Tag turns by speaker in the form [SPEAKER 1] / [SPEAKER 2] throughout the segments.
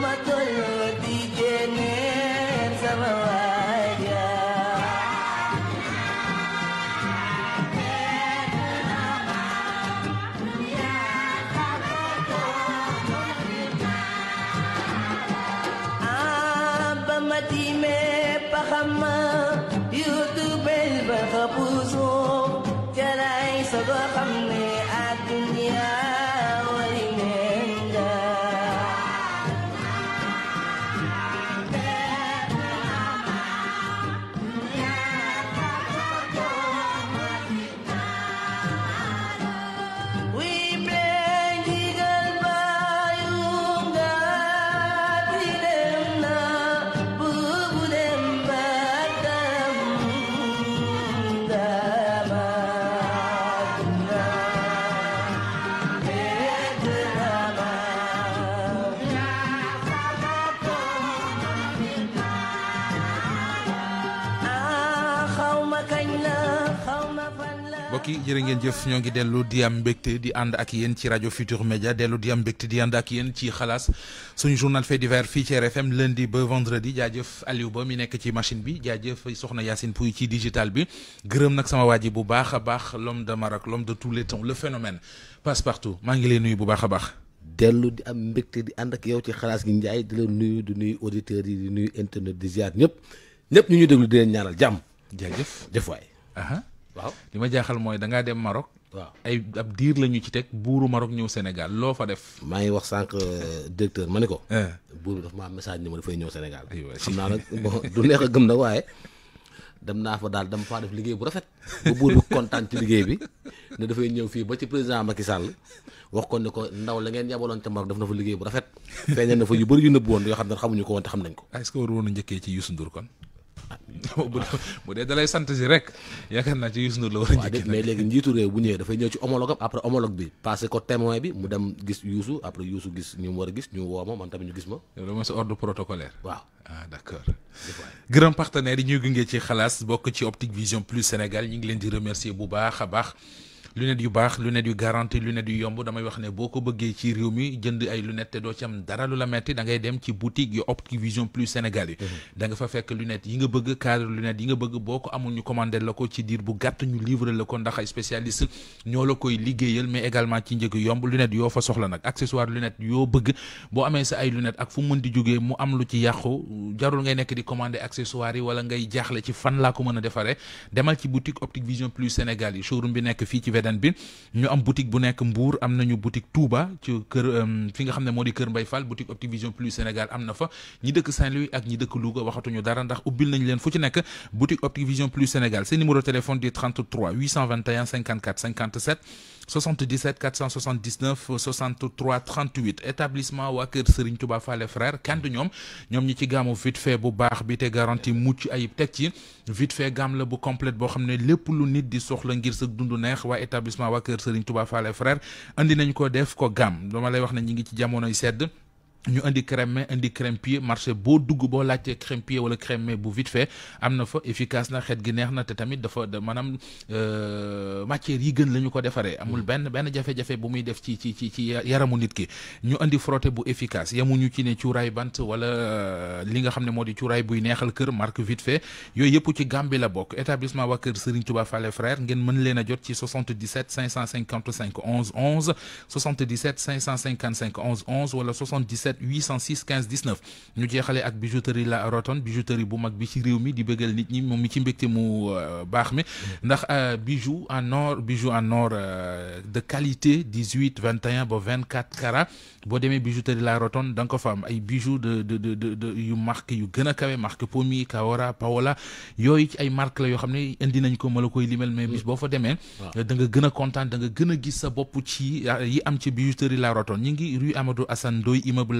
[SPEAKER 1] my prayer.
[SPEAKER 2] jërë ngeen jëf ñoo ngi dellu di am mbégte di ànd ak yéen ci rajo Futur Média dellu di am mbégte di ànd ak yéen ci xalaas suñu journal fait divers fii ci RFM lundi ba vendredi jaajëf Aliou Ba mi nekk ci machine bi jaajëf soxna Yacine Pouy ci digital bi gërëm nag sama waa ji bu baax a baax l'homme de Maroc l'homme de tous les temps le phénomène passe partout maa ngi lay nuyu bu baax a baax. dellu di am mbégte di ànd ak yow ci xalaas gi Ndiaye di la nuyu di nuyu auditeurs yi nuyu internet di ziar ñëpp ñëpp ñu ñu déglu di leen jàmm. jaajëf jëf waay. waaw li ma jaaxal mooy da dem Maroc. waaw ay ab diir la ñu ci teg buuru Maroc ñëw Sénégal loo fa def. maa ngi wax sànq euh, directeur ma ne ko. Eh. buur bi dafa ma am message ni ma dafay ñëw senegal aywa xam naa nag bon du neex gëm nag waaye. dem naa fa daal dama faa def liggéey bu rafet buur kontaan ci liggéey bi ne dafay ñëw fii ba ci président Macky Sall wax ko ne ko ndaw la ngeen yabaloon ca Maroc def na fa liggéey bu rafet feeñal na fa yu bëri yu nëbbu woon yoo xam ne xamuñu ko woon te ko. Ah, est-ce que a njëkkee ci Youssou Ndour kon. bu dee dalay sant si rek yaakaar naa ci Youssou Ndour la war a mais léegi njiitu réew bu ñëwee dafay ñëw ci homologue après homologue bi passé ko témoin bi mu dem gis Youssou après Youssou gis ñu mu war a gis ñu woo ma man tamit ñu gis ma loolu mooy sa ordre protocolaire waaw ah d'accord gërëm partenaire yi ñuy gunge ci xalaas bokk ci Optique Vision Plus Sénégal ñu ngi leen di remercier bu baax a baax lunettes yu baax lunettes yu garanti lunettes yu yomb damay wax ne boo ko bëggee ci réew mi jënd ay lunettes te doo ci am dara lu la metti da ngay dem ci boutique yu Optic Vision Plus Sénégal yi mhm. da nga fa fekk lunettes yi nga bëgg cadre lunettes yi nga boo ko amul ñu commandé la ko ci ko ndax ay spécialiste ñoo la koy liggéeyal mais également ci njëg yomb lunettes yoo fa soxla nag accessoire lunettes yoo bëgg boo amee sa ay lunettes di jógee mu am lu ci yàqu jarul nekk di commandé accessoire wala ngay jaaxle ci fan laa ko mën a defaree demal ci boutique Optic Vision Plus Sénégal yi bi nekk fii ci VDN bi ñu am boutique bu nekk Mbour am nañu boutique Touba ci kër euh, fi nga xam ne moo di kër Mbay Fall boutique Optivision Plus Sénégal am na fa ñi dëkk Saint-Louis ak ñi dëkk Louga waxatuñu dara ndax ubbil nañ leen fu ci nekk boutique Optivision Plus Sénégal seen numéro téléphone di 33 821 54 57 77 479 63 38 établissement waa kër Serigne Touba Fallé frère kant ñoom ñoom ñi ci gaamu vite fait bu baax bi te garantie mucc ayib teg ci vite fait gaam la bu complète boo xam ne lépp lu nit di soxla ngir sa dundu neex waa établissement waa kër Serigne Touba Fallé frère andi nañ ko def ko gaam dama lay wax ne ñi ngi ci jamonoy sedd ñu indi crème main indi crème pied marché boo dugg boo laajtee crème pied wala crème main bu vite fait am na fa efficace na xeet gi neex na te tamit dafa maanaam euh, matière yi gën la ñu ko defaree. amul mm. benn benn jafe-jafe bu muy def ci ci ci ci yaramu nit ki ñu indi frotté bu efficace ñu ci ne cuuraay bant wala euh, li nga xam ne moo di cuuraay buy neexal kër marque vite fait yooyu yëpp ci gàm bi la bokk établissement waa kër Serigne Touba Fallé frère ngeen mën leen a jot ci 77 555 77 806 15 19 ñu jeexale ak bijouterie la rotonde bijouterie bu mag bi ci réew mi di bëggal nit ñi moom mi ci mbégte mu euh, baax mi ndax euh, bijou en or bijou en or euh, de qualité 18 21 ba 24 carats boo demee bijouterie la rotonde da nga ko fa am ay bijoux de de de de yu marque yu gën kawe marque Pomi Kawora Paola yooyu ci ay marque la yoo xam ne indi nañ ko ma la koy limel mais boo fa demee da nga gën a kontaan a gis sa bopp ci yi am ci bijouterie la rotonde ñu ngi rue Amadou Assane Ndoye immeuble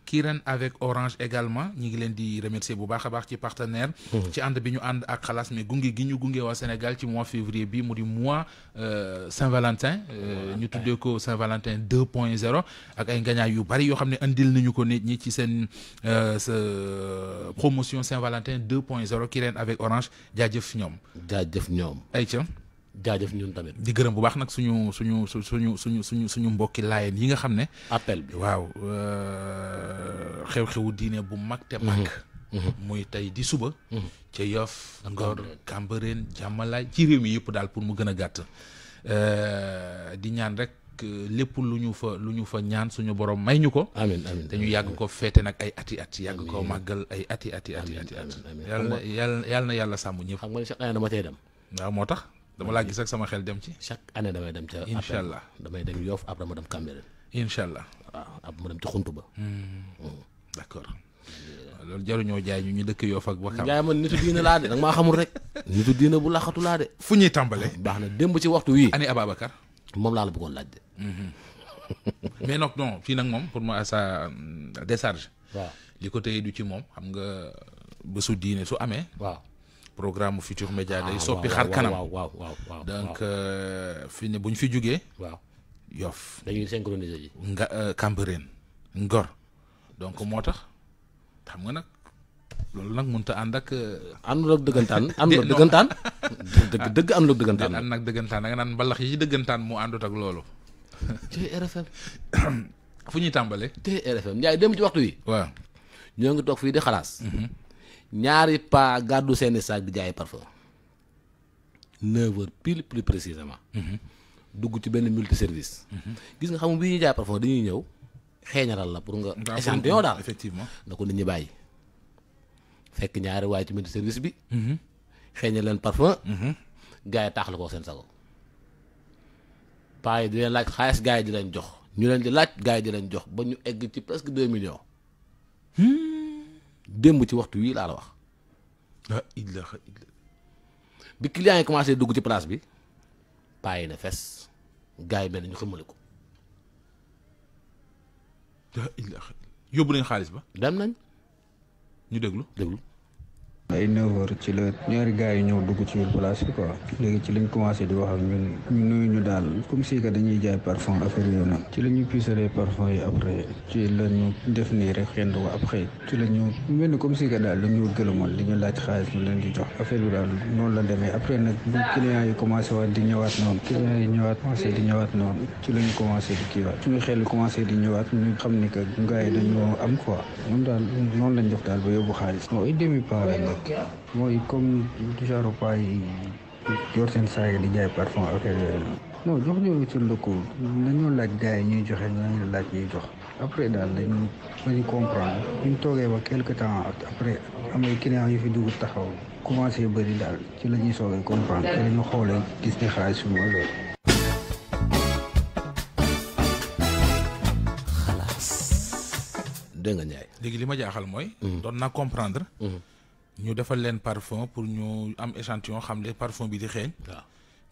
[SPEAKER 2] kii ren avec Orange également ñi ngi leen di remercier bu baax a baax ci partenaire mhm. ci ànd bi ñu ànd ak xalaas mais gunge gi ñu gunge waa Sénégal ci mois février bi mu di mois euh, Saint-Valentin euh, ñu tuddee ko Saint-Valentin deux point 0 ak ay ngañaay yu bari yoo xam ne indil nañu ko nit ñi ci seen euh, sa promotion Saint-Valentin 2 point 0 kii ren avec Orange jaa jëf ñoom jaa jëf ñoom ay ca jaajëf ñun tamit. di gërëm bu baax nag suñu suñu suñu suñu suñu suñu mbokki laayeen yi nga xam ne. appel bi waaw euh, xew-xewu diine bu mag te mag. Mm-hmm. Mm-hmm. muy tey di suba. Mm-hmm. ca Yoff Ngor Cambérène Jàmmalaay ci réew mi yëpp daal pour mu gën a gàtt. Euh, di ñaan rek euh, lépp lu ñu fa lu ñu fa ñaan suñu borom may ñu ko. amiin amiin te ñu yàgg ko féete nag ay ati at yàgg ko màggal ay ati ati ati ati. amiin amiin yàlla na yàlla na yàlla sàmm ñëpp. xam waaw moo tax. dama laa gis ak sama xel dem ci. chaque année damay dem ca. incha allah damay dem Yoff après ma dem Cambérène. incha allah waaw après ma dem ci xuntu ba. Hmm. Hmm. d' loolu jaruñoo jaay ñu ñu dëkk Yoff ak Wakam. jaay man nitu diina laa de nag maa xamul rek. nitu diina bu laxatu laa de. fu ñuy tàmbalee. baax na démb ci waxtu wii. ani Ababacar. moom laa la bëggoon laaj de. Hmm. mais nag non fii nag moom pour ma sa décharge. waaw li ko téye du ci moom xam nga bésu diine su amee. programme Futur Média day ah, soppi xar kanam waaw waaw donc euh, fi ne bu ñu fi jugee. waaw Yoff. dañuy synchroniser nga euh, Cambérène Ngor. donc moo tax xam nga nag loolu nag mënut a ànd ak. Euh, àndul ak dëggantaan àndul ak dëgg dëgg àndul ak dëggantaan. ànd ak dëggantaan da naan mbalax yi dëggantaan moo àndut ak loolu. TRFM. fu ñuy tàmbalee. TRFM Ndiaye dem ci waxtu wi. waaw ñoo ngi toog fii di xalaas. Mhm. ñaari pas gàddu seeni saag di jaay parfum neuf heures pile plus précisément mhm. dugg ci benn multi service mhm. gis nga xam bii ñuy jaay parfum dañuy ñëw xeeñaral la pour nga échantillon daal effectivement na ko nit ñi bàyyi fekk ñaari waaye ci multi service bi mhm. xeeñal leen parfum gars yi taaxal ko seen sago paa yi di leen laaj xaalis gars yi di leen jox ñu leen di laaj gars yi di leen jox ba ñu egg ci presque deux millions hmm. démb ci waxtu wii laa la wax. ah ilaha bi client yi commencé dugg ci place bi bàyyi na fes gars yi mel ñu xamale ko. yóbbu nañ xaalis ba. dem nañ. ñu déglu déglu.
[SPEAKER 3] ay 9 heures ci la ñaari gars yi ñëw dugg ci biir place bi quoi léegi ci lañ commencé di wax ak ñun ñu nuyu ñu daal comme si que la ñu puisalee parfum yi après ci la ñu xëy ci la ñu mel ni comme si que daal dañu gëlëmoon di laaj xaalis ñu leen jox affaire bi daal noonu la demee après nag bu clients yi waat di ñëwaat noonu clients yi ñëwaat commencé di ñëwaat noonu ci la ñu commencé di kiiwaat suñu xel commencé di ñëwaat xam ni que gars yi dañoo am quoi moom daal noonu lañ jox daal ba yóbbu xaalis mooy demi part ok mooy comme genre paay yor seen saa yi di jaay parfum ak euh, non jox ñëw ci ndëkku nañoo laaj gars yi ñuy joxe nañu laaj ñuy jox après daal dañu dañu comprendre ñu toogee ba quelque temps après am ay clients yu fi duggu taxaw commencé bëri daal ci la ñuy soogee comprendre te dañu xoolee gis ne xaalis su ma xalaas
[SPEAKER 2] dégg nga Ndiaye léegi li ma jaaxal mooy hmm. doon naa comprendre hmm. ñu defal leen parfum pour ñu am échantillon xam le parfum bi di xeeñ.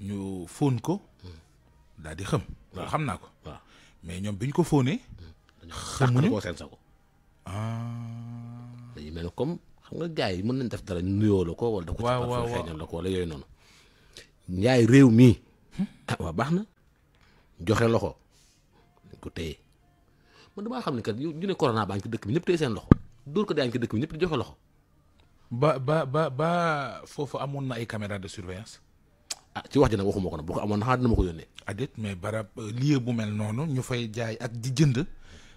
[SPEAKER 2] ñu foon ko. Hmm. daal di xëm. waaw xam naa ko. waaw mais ñoom bi ñu ko fóonee. xamuñu hmm. dañoo seen sago. Ah. dañuy mel ni comme xam nga gaa yi mën nañ def dara nuyoo la ko wala. waa ko ci ko wala yooyu noonu. njaay réew mii. Hmm? Ah, waa baax na. joxe loxo. dañ ko téye man damaa xam ne kat yu ñu ne corona baa ngi ci dëkk bi ñëpp téye seen loxo. dóor ko daa ngi ci dëkk bi ñëpp di joxe loxo. ba ba ba ba foofu amoon na ay caméra de surveillance. ah ci wax ji nag waxuma ko nag boo ko amoon na xanaa dina ma ko yónnee. adit ah, mais barab euh, lieu bu mel noonu ñu fay jaay ak di jënd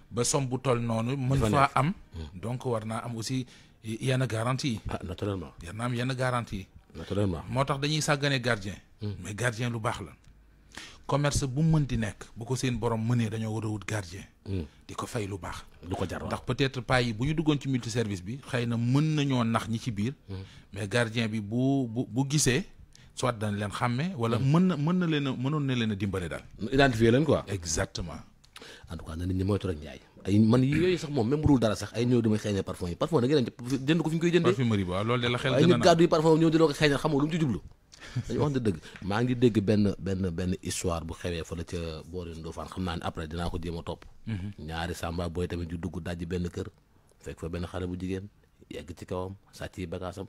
[SPEAKER 2] ba som bu toll noonu. mën faa am hmm. donc war naa am aussi yenn garanti yi. ah naturellement. war naa am yenn garantie yi. naturellement moo tax dañuy sàggane gardien. Hmm. mais gardien lu baax la. commerce bu mu di nekk bu ko seen borom mënee dañoo war a wut gardien. Hmm. di ko fay lu baax. lu ko jar ndax peut-être paa bu ñu duggoon ci multi service bi xëy na mën nañoo nax ñi ci biir. Hmm. mais gardien bi bu bu bu gisee. soit dañ leen xàmme. wala hmm. mën na mën na leen a mënoon na leen a dimbale daal. identifier leen quoi. exactement. ay man yooyu sax moom même bu dul dara sax ay ñëw damay xeeñal parfum yi parfum da nga jënd ko fi ñu koy jëndee. parfumerie a naan waaye nit dañu wax dëgg maa ngi dégg benn benn benn histoire bu xewee fa la ca boori Ndofane xam naa ne après dinaa ko jéem a topp. Mhm. ñaari samba booy tamit yu dugg dajji benn kër fekk benn xale bu jigéen yegg ci kawam sàcc yi bagaasam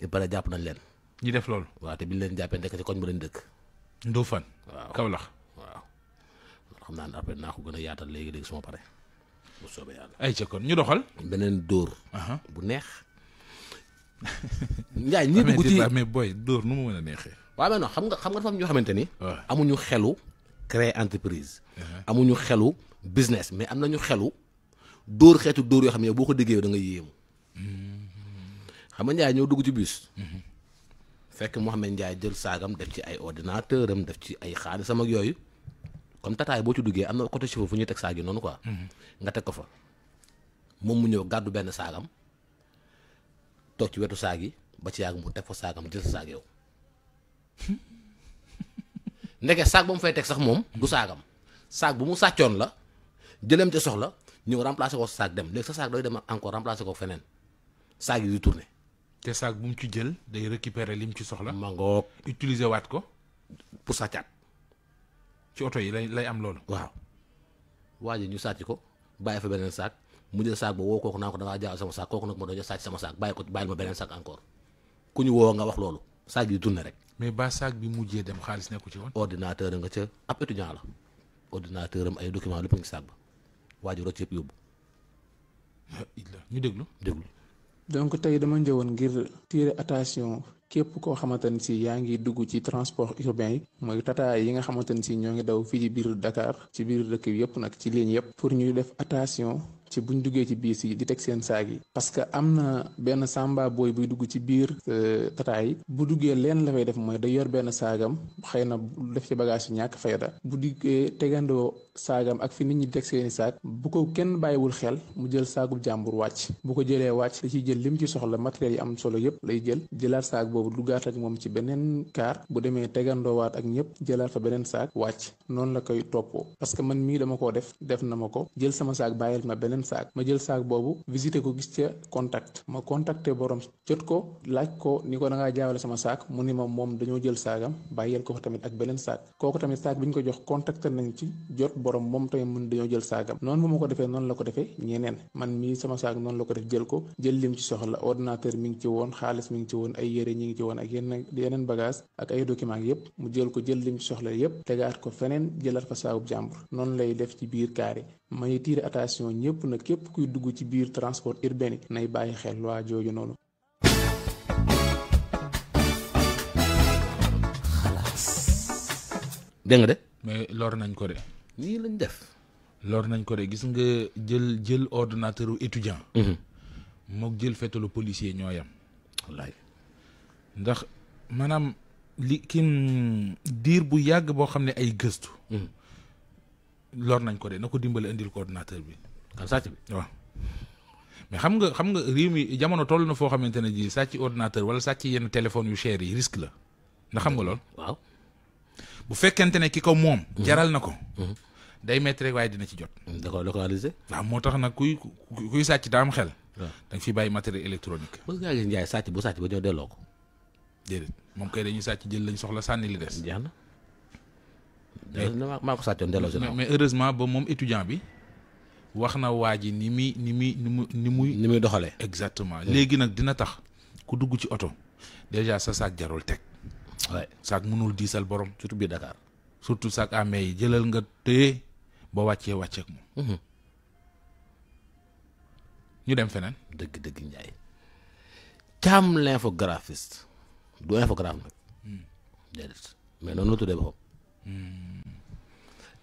[SPEAKER 2] ba pare jàpp nañ leen. ñi def loolu. waaw bi leen jàppee ndekk ci koñ bu leen dëkk. Ndofane. waaw Kaolack waaw. xam naa ne après naa ko gën a yaatal léegi léegi su ma paree bu soobee yàlla. ay ca kon ñu doxal. beneen dóor. bu neex. Ndiaye ñi dugg ci mais booy dóor nu mu mën a neexee. waaw mais xam nga xam nga dafa am xamante ni. amuñu xelu créer entreprise. Uh-huh. amuñu xelu business mais am nañu xelu dóor xeetu dóor yoo xam ne boo ko déggee da nga yéemu. Mm-hmm. xam nga Ndiaye ñëw dugg ci bus. Mm-hmm. fekk Mouhamed Ndiaye jël saagam def ci ay ordinateur am def ci ay xaalisam sama yooyu kon tataay boo ci duggee am na côté chauffeur fu ñuy teg saag noonu ko mm-hmm. nga teg ko fa moom mu ñëw gàddu benn saagam. toog ci wetu saag yi ba ci yàgg mu teg fa saagam jël sa saag yow ndeke saag ba mu fay teg sax moom du saagam saag bu mu sàccoon la jëlem te soxla ñëw remplacer ko sa saag dem léegi sa saag dooy dem encore remplacer ko feneen saag yi di tourné. te saag bu mu ci jël day récupérer mu ci soxla. ma utilise waat ko. pour sàccaat. ci oto yi lay lay am loolu. waaw waa ji ñu sàcc ko bàyyi fa beneen saag. mu jël saak ba woo kooku naa sama saak kooku nag ma doon sàcc sama saak bàyyi ko bàyyil ma beneen saak encore ku ñu woo nga wax loolu saak yi tourné rek. mais ba saak bi mujjee dem xaalis nekku ci woon. ordinateur nga ca ab étudiant la ordinateur am ay document lépp a ngi waa ji rocc yëpp yóbbu. ñu déglu déglu.
[SPEAKER 4] donc tey dama ñëwoon ngir tirer attention képp koo xamante ne si yaa ngi dugg ci transport urbain yi mooy tata yi nga xamante ne si ñoo ngi daw fii ci biir Dakar ci biir dëkk bi yëpp nag ci ligne yëpp pour ñuy def attention. ci ñu duggee ci biir yi di teg seen saag yi parce que am na benn sàmba booy buy dugg ci biir euh, tata yi bu duggee leen la fay def mooy day yor benn saagam xëy na def ci bagage yu ñàkk fayda bu duggee tegandoo saagam ak fi nit ñi di teg saag bu ko kenn bàyyiwul xel mu jël saagub jàmbur wàcc bu ko jëlee wàcc da ciy jël lim ci soxla matériel yi am solo yépp lay jël jëlaat saag boobu duggaat ak moom ci beneen kaar bu demee tegandoowaat ak ñëpp jëlaat fa beneen saag wàcc noonu la koy toppoo parce que man mii dama koo def def na ma ko jël sama saag bàyyil ma beneen beneen saak ma jël saak boobu visité ko gis ca contact ma contacté borom jot ko laaj ko ni ko da ngaa jaawale sama saak mu ni ma moom dañoo jël saagam bàyyil ko tamit ak beneen saak kooku tamit saak bi ñu ko jox contacté nañ ci jot borom moom tamit mun dañoo jël saagam noonu ma ko defee noonu la ko defee ñeneen man mii sama saak noonu la ko def jël ko jël lim ci soxla ordinateur mi ngi ci woon xaalis mi ngi ci woon ay yére ñi ngi ci woon ak yenn yeneen bagage ak ay document yépp mu jël ko jël lim ci soxla yépp tegaat ko feneen jëlaat fa saagub jàmbur noonu lay def ci biir kaari may tiire attention ñépp nag képp kuy dugg ci biir transport urbain nay bàyyi xel waa jooju noonu.
[SPEAKER 2] dégg nga de. mais lor nañ ko de. nii lañ def. lor nañ ko de gis nga jël jël ordinateur u étudiant. Mhm. jël fetalu policier ñoo ndax maanaam li kim diir bu yàgg boo xam ne ay gëstu. Mhm. lor nañ ko de na ko dimbale indil ko ordinateur bi. kan bi waaw mais xam nga xam nga réew mi jamono toll na foo xamante ne ji sàcc ordinateur wala sàcc yenn téléphone yu cher yi risque la ndax xam nga lool waaw bu fekkente ne ki ko moom mhm. jaral na ko mhm. day métti waaye dina ci jot mm, da ko localiser waaw moo tax nag kuy kuy sàcc daa am xel waaw da nga fiy bàyyi matériel électronique parce que ngaa gis njaay sàcc bu sàcc ba ñëw delloo ko déedéet moom kay dañuy sàcc jël lañ soxla sànni li des jeex na maa ko sàccoon delloo si mais heureusement ba moom étudiant bi wax na waa ji ni muy ni muy ni mu ni muy. ni muy doxalee. exactement hmm. léegi nag dina tax ku dugg ci oto déjà sa saak jarul teg. waay saak mënul diisal borom. surtout biir Dakar. surtout saak amee yi jëlal nga téye ba wàccee wàcceek moom. Hmm. ñu dem feneen. dëgg dëgg Ndiaye. caam l'infographiste du infographe nag. Hmm. déedéet mais noonu la tuddee boppam.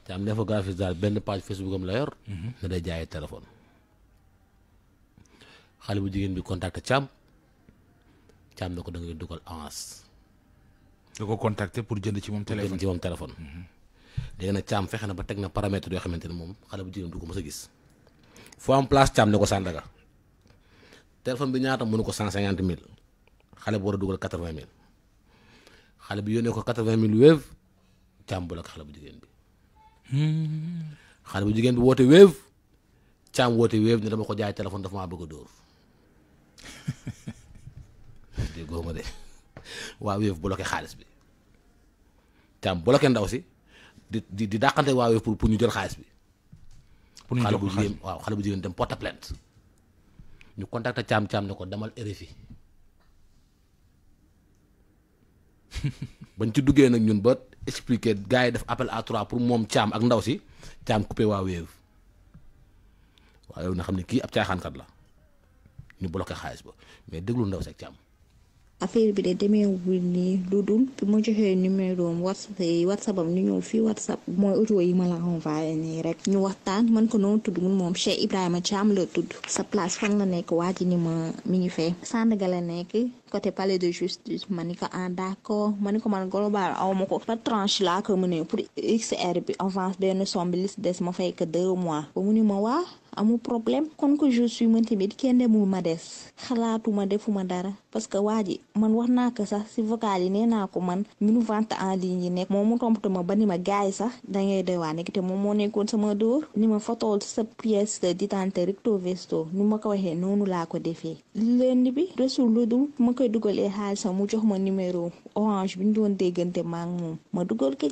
[SPEAKER 2] te am na fa daal benn page Facebook am la yor. Mhm. ne day jaayee téléphone. xale bu jigéen bi contacté Thiam Thiam na ko da ngay dugal avance. da ko contacté pour jënd ci moom téléphone jënd ci moom téléphone. Mhm. léegi nag fexe na ba teg na paramètre yoo xamante ne moom xale bu jigéen du ko mës a gis. foo am place Thiam ne ko Sandaga téléphone bi ñaata mënu ko cent cinquante mille xale bu war a dugal quatre vingt mille xale bi yónnee ko quatre vingt mille wéev Thiam bu xale bu jigéen bi woote Wave caam woote Wave ne dama ko jaay téléphone dafa maa bëgg a dóor déggoo ma de waa Wave bloqué xaalis bi caam bloqué ndaw si di di di dàqante waa Wave pour pour ñu jël xaalis bi. pour ñu jël xaalis bi xale bu jigéen waaw xale ñu contacté caam caam ne ko demal RFI bañ ci duggee nag ñun ba. expliqué gars yi def appel à trois pour moom caam ak ndaw si caam coupé waa Wave waaye yow na xam ne kii ab caaxaankat la ñu bloqué xaalis ba mais déglu ndaw si ak caam.
[SPEAKER 3] affaire bi de demeewul nii lu du bi ma joxee numéro am whatsapp eh, whatsapp am ñu ñëw fii whatsapp mooy audio yi ma la envoyé nii rek ñu waxtaan man ko noonu tudd mun moom Cheikh Ibrahima Thiam la tudd sa place fan la nekk waa ji ni ma mi ngi fee Sandaga la nekk côté palais de justice ma ni ko en ah, d'accord ma ni ko man global aw ma ko par tranche laa ko mënee pour XR bi avance benn somme bi des ma fay que deux mois ba mu ni ma waa amul problème kon que je suis man tamit kenn demul ma des xalaatuma defuma dara parce que waa ji man wax naa ko sax si vocal yi nee naa ko man minu vente en ligne yi nekk moom mu tombte ma ba ni ma gaay sax dangay doy waa nekk te moom moo nekkoon sama dóor ni ma fotool sa pièce d'identité recto verso nu ma ko waxee noonu laa ko defee lenn bi desul lu dul ma koy dugalee xaalis mu jox ma numéro orange bi ñu doon déggante ma moom ma dugal ko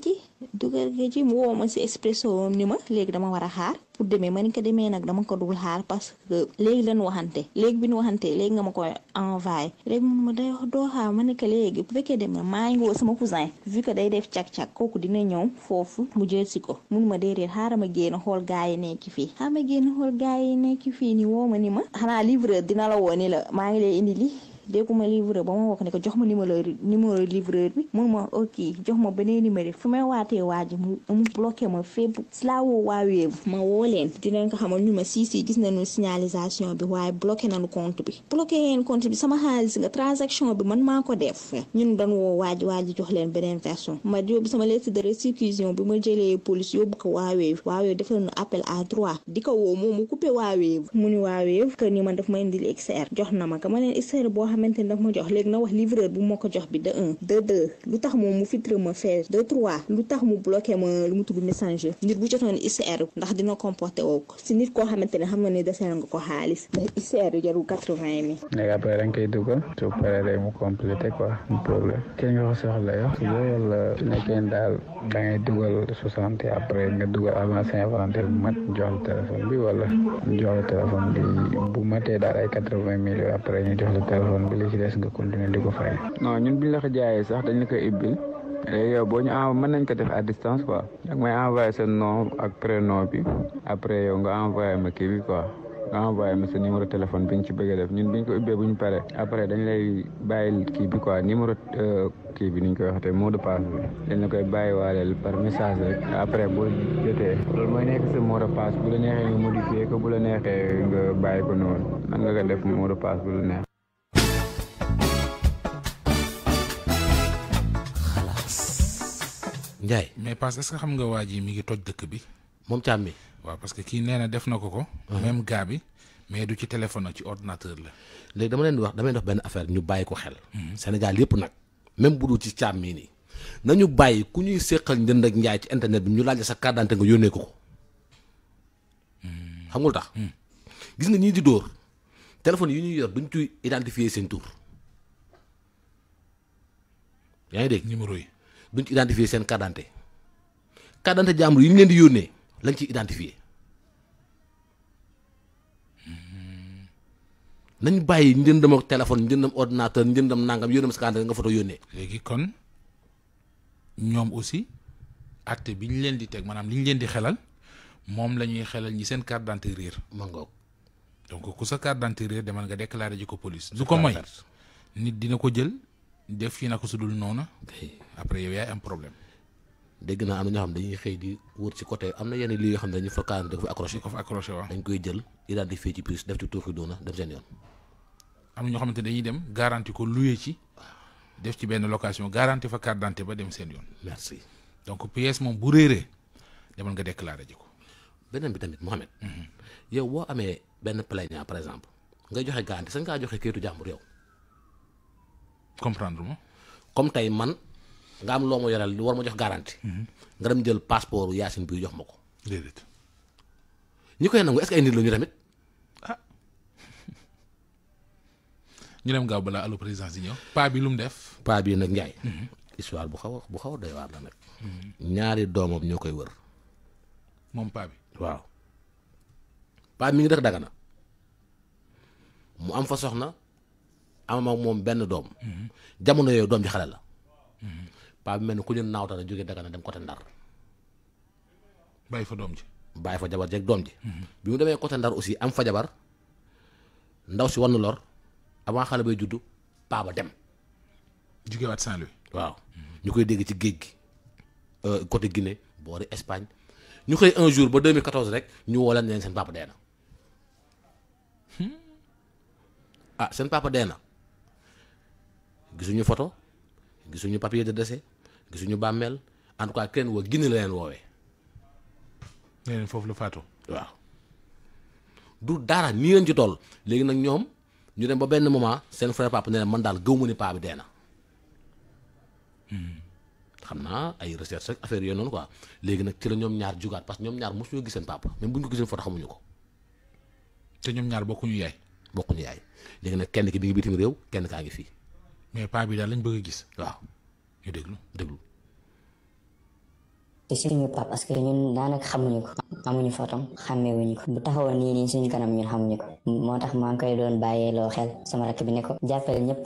[SPEAKER 3] dugal nga ji mu ma si expresso am ni ma léegi dama war a xaar pour demee ma ni ko demee nag dama ko dul xaar parce que léegi lañ waxante léegi bi ñu waxante léegi nga ma koy envoyé léegi mun ma day doo xaar ma ne ko léegi bu fekkee dem na maa ngi woo sama cousin vu que day def cag-cag kooku dina ñëw foofu mu jël si ko mun ma déedéet xaara ma génn xool gaa yi nekk fii xaaral ma génn xool gaa yi nekk fii ni woo ma ni ma xanaa livreur dina la woo ni la maa ngi lay indi li de ma livreur ba ma wax ne ko jox ma numéro numéro livreur bi mun ma ok jox ma beneen numéro fu may waatee waa ji mu mu bloqué ma Facebook si laa ma woo leen dinañ ko xamal ñu ma sii sii gis nañu signalisation bi waaye bloqué nañu compte bi bloqué ngeen compte sama xaalis nga transaction bi man maa ko def ñun dañ woo waa jox leen beneen version ma yóbbu sama lettre de récusation bi ma jëlee police yóbbu ko waa Wave waa Wave defal ñu di ko woo moom mu coupé waa Wave mu ni waa Wave ma indil XR jox na ma ka ma boo xam xamante ni daf ma jox léegi na wax livreur bu ma ko jox bi de un de deux lu tax moom mu filtre ma faire de trois lu tax mu bloqué ma lu mu tudd messenger nit bu jotoon ICR ndax dina comporté woo ko si nit xam nga ne desee nga ko xaalis ndax ICR yu jarul quatre vingt mille.
[SPEAKER 4] léegi après da nga koy dugal su paree rek mu complété quoi su nekkee daal da ngay dugal soixante après nga dugal avant cinquante bu mat jox la téléphone bi wala jox la téléphone bi bu matee daal ay quatre vingt mille après ñu jox la téléphone. moom bi la des nga continuer di ko fay. non ñun bu ñu la ko sax dañ la koy ibbil léegi yow boo ñu envoyé mën nañ ko def à distance quoi da may envoyé sa nom ak prénom bi après yow ma kii bi quoi nga envoyé ma sa téléphone bi ñu ci bëgg a def ñun bi ñu ko ubbee bu ñu paree après dañ lay kii bi quoi numéro euh, kii bi ni koy waxatee mot de passe dañ la koy bàyyiwaaleel par message après boo jotee loolu mooy nekk sa mot de neexee nga modifier ko bu la neexee nga bàyyi ko noonu nan nga def mot de passe bu la neex.
[SPEAKER 2] Ndiaye mais parce que est xam nga waa ji mi ngi toj dëkk bi. moom càmm mi. waaw parce que kii nee na def na ko ko. Ah. même gars bi mais du ci téléphone ci ordinateur la. léegi dama leen di wax damay dox benn affaire ñu bàyyi ko xel. Hmm. Sénégal yëpp nag même bu dul ci càmm mii nii nañu bàyyi ku ñuy séqal njënd ak njaay ci internet bi ñu laaj sa carte nga yónnee ko ko. Hmm. xam nga tax. Hmm. gis nga ñii di dóor téléphone yi ñuy yor duñ ci identifier seen tur. yaa ngi dégg numéro yi. duñ ci identifier seen carte d'identité carte d'identité jàmbur yi ñu leen di yónnee lañ ci identifier hmm. nañ bàyyi njëndam ak téléphone njëndam ordinateur njëndam nangam yónnam sa carte d'identité nga foto yónnee. léegi kon ñoom aussi acte bi ñu leen di teg maanaam li ñu leen di xelal moom la ñuy xelal ñi seen carte d'identité réer. ma donc ku sa carte d'identité réer demal nga déclaré ji ko police. su ko moy nit dina ko jël def fii nag ko su dul noona après yow yaay am problème. dégg naa am na ñoo xam dañuy xëy di wër ci côté am na yenn lii yoo xam ne dañu fa kaan da ko fa accroché. ko fa accroché waaw dañ koy jël identifié ci piste def ci tuuti doona dem seen yoon. am na ñoo xamante dañuy dem garanti ko loué ci. def ci benn location garanti fa carte d'identité ba dem seen yoon. merci donc pièce moom bu réeree demal nga déclaré ji ko. beneen bi tamit Mohamed. Mhm. yow boo amee benn plaignant par exemple nga joxe garanti sañ ngaa joxe kayitu jàmbur yow. comprendre ma comme nga am loo ma yoral war ma jox garanti. Mhm. nga dem jël passeport Yacine bi jox ma ko. déedéet. ñi koy nangu est-ce que ay nit la ñu tamit. Ah. ñu dem gaaw balaa allo président si ñëw paa bi lu mu def. paa bi nag Ndiaye. Mhm. histoire bu xaw a bu xaw a doy waar la nag. Mhm. ñaari doomam ñoo koy wër. moom paa bi. waaw paa mi ngi dëkk Dagana mu am fa soxna am ak moom benn doom. jamono yooyu doom ji xale la. paa bi mel ni ku leen naawtale jógee Dagana dem côté Ndar. bàyyi fa doom ji. bàyyi fa jabar jeeg doom ji. bi mu demee côté Ndar aussi am fa jabar ndaw si wan lor avant xale bay juddu paa ba dem. jugewaat saint waaw ñu koy dégg ci géej gi euh, côté Guinée boori Espagne ñu xëy un jour ba 2014 rek ñu woo leen leen seen papa dee na. ah seen papa dee na gisuñu photo gisuñu papier de décès gisuñu bàmmeel en tout cas kenn woo Guinée la leen woowee. nee leen foofu la faatoo. waaw du dara nii leen ci tool léegi nag ñoom ñu dem ba benn moment seen frère papa ne leen man daal gëw ma ni paa bi dee na. Hmm. xam naa ay recherche ak affaire yooyu noonu ko léegi nag ci la ñoom ñaar jugaat parce que ñoom ñaar mosuñoo gis seen papa même bu ñu ko gisee foto xamuñu ko. te ñoom ñaar bokkuñu yaay. bokkuñu yaay léegi nag kenn ki bi ngi bitim réew kenn kaa ngi fii. mais paa bëgg a gis waaw. ñu déglu déglu.
[SPEAKER 5] ci suñu pap parce que ñun daanaka xamuñu ko amuñu fotom xàmmewuñu ko bu taxawoon nii nii suñu kanam ñun xamuñu ko moo tax maa koy doon bàyyee loo xel sama rakk bi ne ko jàppale ñëpp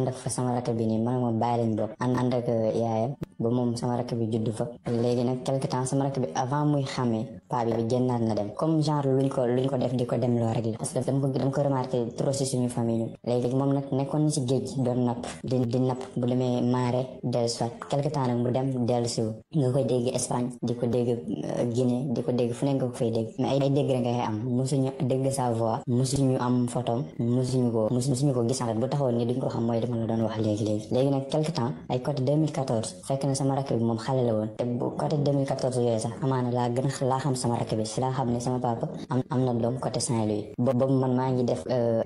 [SPEAKER 5] man ma ma bàyyi lañ bokk ànd ak yaayam ba moom sama rakk bi judd fa léegi nag quelque temps sama rakk bi avant muy xàmmee paa bi dem comme genre luñ ko def di ko dem loo rek la na si géej doon napp di di napp bu demee maare dellu soit quelque temps nag mu dem dellu si nga koy dégg Espagne di ko dégg euh, Guinée di ko dégg fu nekk nga ko fay dégg mais ay dégg rek ngay am musuñu dégg sa voix musuñu am photom musuñu ko musuñu ko bu taxoon ni duñ ko xam mooy dama la doon wax léegi léegi léegi quelque temps ay côté fekk na sama rakk moom xale la woon te bu côté 2014 yooyu sax laa gën a sama rakk bi si ne sama papa am am na doom côté Saint-Louis boobu man maa ngi def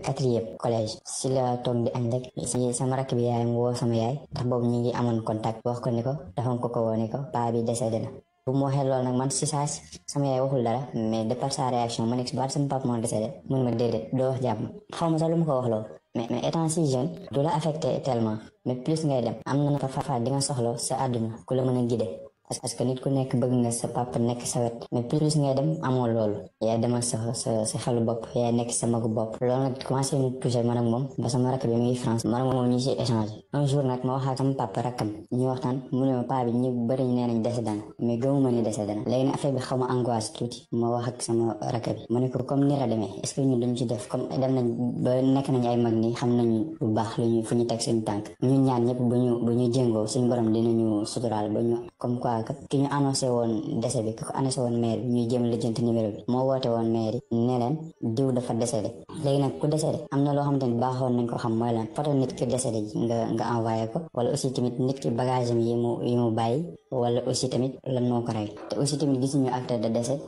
[SPEAKER 5] quatrième collège si la toog di añ rek si sama rakk bi yaayam woo sama yaay ndax boobu ñu ngi amoon contact wax ko ni ko dafa ko ko woo ni ko paa bi décédé bu mu waxee loolu nag man si saa sama yaay waxul dara mais de par sa réaction ma nekk si baat sama sa moo décédé mun ma déedéet doo jàmm xaw ma sax lu mu ko wax loolu mais mais étant si jeune du la affecté tellement mais plus ngay dem am na fa fa di nga soxla sa àdduna ku la mën a guider parce que nit ku nekk bëgg nga sa papa nekk sa wet mais plus ngay dem amoo loolu yaay demal sa xelu bopp yaay nekk sa magu bopp loolu nag ñu touché man ak moom ba sama rakk bi muy moom ñu si échangé un jour nag ma wax sama papa rakkam ñu waxtaan mu ne ma paa bi ñu bëri ni xam nañu bu baax lu ñu fu ñu teg suñu tànk ñun ñaan ñëpp bu ñu bu ñu jéngoo suñu borom suturaal ba ñu comme quoi waa kat ki ñu annoncé woon décès bi ki ko annoncé woon maire bi ñuy jéem lijjanti numéro bi moo woote woon maire yi ne leen diw dafa décédé léegi nag ku décédé am na loo xamante ni baaxoon nañ ko xam mooy lan photo nit ki décédé ji nga nga envoyé ko wala aussi tamit nit ki bagage yi mu yi mu bàyyi wala aussi tamit lan moo te aussi tamit gis ñu acte de décès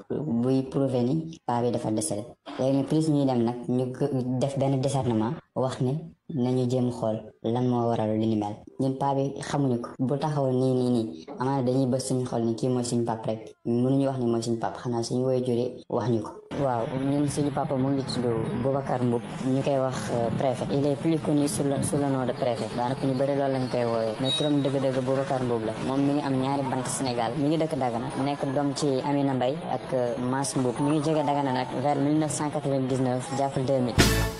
[SPEAKER 5] buy prouvé ni paa bi dafa décédé léegi nag ñuy dem nag ñu def benn discernement wax ne nañu jéem xool lan moo waral li ni mel ñun xamuñu ko bu taxaw nii nii nii amaana dañuy bës suñu xol ni kii mooy suñu pap rek mënuñu wax ni mooy ñu pap xanaa suñu woy jure wax ñu ko waaw ñun suñu papa mu ngi tudd Boubacar Mboup ñu koy wax euh, préfet il est plus connu sous le sous le nom de préfet daanaka ñu bëri loolu lañ koy woowee mais dëgg-dëgg Boubacar Mboup la moom mi ngi am ñaari banque Sénégal mi ngi dëkk Dagana nekk doom ci Amina Mbaye ak euh, Mass Mboup mi ngi jógee Dagana nag vers 1999 jàpp